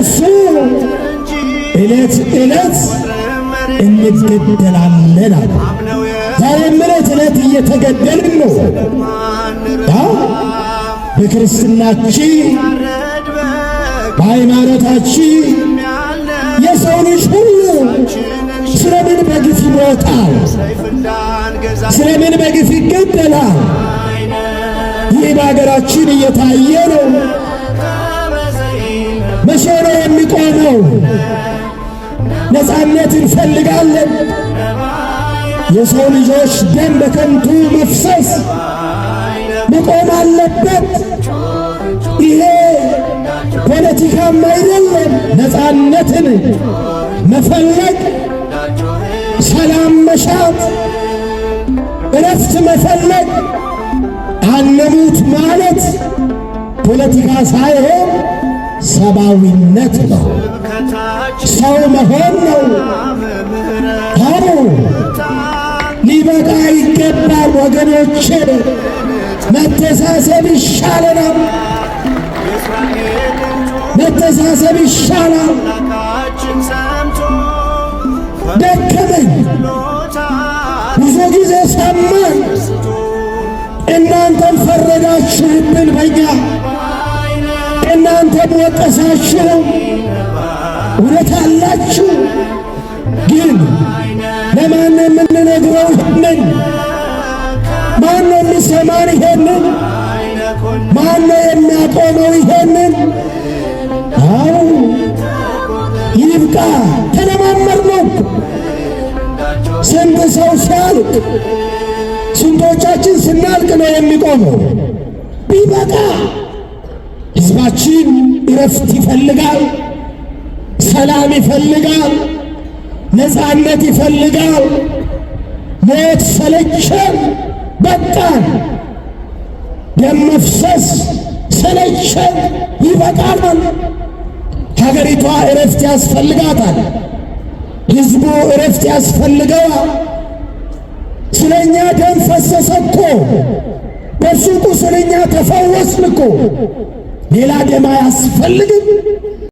እሱ እለት ዕለት እንገደላለን አለ። ዛሬም ዕለት ዕለት እየተገደልን ነው። በክርስትናችን በሃይማኖታችን የሰው ልጅ ሁሉ ስለምን በግፍ ይሞታል? ስለምን በግፍ ይገደላል? ይህ በሀገራችን እየታየ ነው። ነጻነት እንፈልጋለን። የሰው ልጆች ደም በከንቱ መፍሰስ መቆም አለበት። ይሄ ፖለቲካም አይደለም። ነጻነትን መፈለግ፣ ሰላም መሻት፣ እረፍት መፈለግ፣ አለሙት ማለት ፖለቲካ ሳይሆን ሰብአዊነት ነው። ሰው መሆን ነው። ታሩ ሊበቃ ይገባል ወገኖቼ። መተሳሰብ ይሻለናል። መተሳሰብ ይሻላል። ደከመኝ ብዙ ጊዜ ሰማን፣ እናንተም ፈረዳችሁብን በኛ እናንተ በወቀሳችሁ እውነት አላችሁ። ግን ለማን የምንነግረው ይህንን? ማን የሚሰማን ይሄንን? ማነው የሚያቆመው ይሄንን? አው ይብቃ። ተለማመር ነው። ስንት ሰው ሲያልቅ ስንቶቻችን ስናልቅ ነው የሚቆመው? ቢበቃ እረፍት ይፈልጋል፣ ሰላም ይፈልጋል፣ ነፃነት ይፈልጋል። ሞት ሰለቸን፣ በቃን። ደም መፍሰስ ሰለቸን፣ ይበቃናል። ሀገሪቷ እረፍት ያስፈልጋታል። ሕዝቡ እረፍት ያስፈልገዋል። ስለኛ ደም ፈሰሰ እኮ በሱቁ ስለኛ ተፈወስን እኮ ሌላ ደም አያስፈልግም።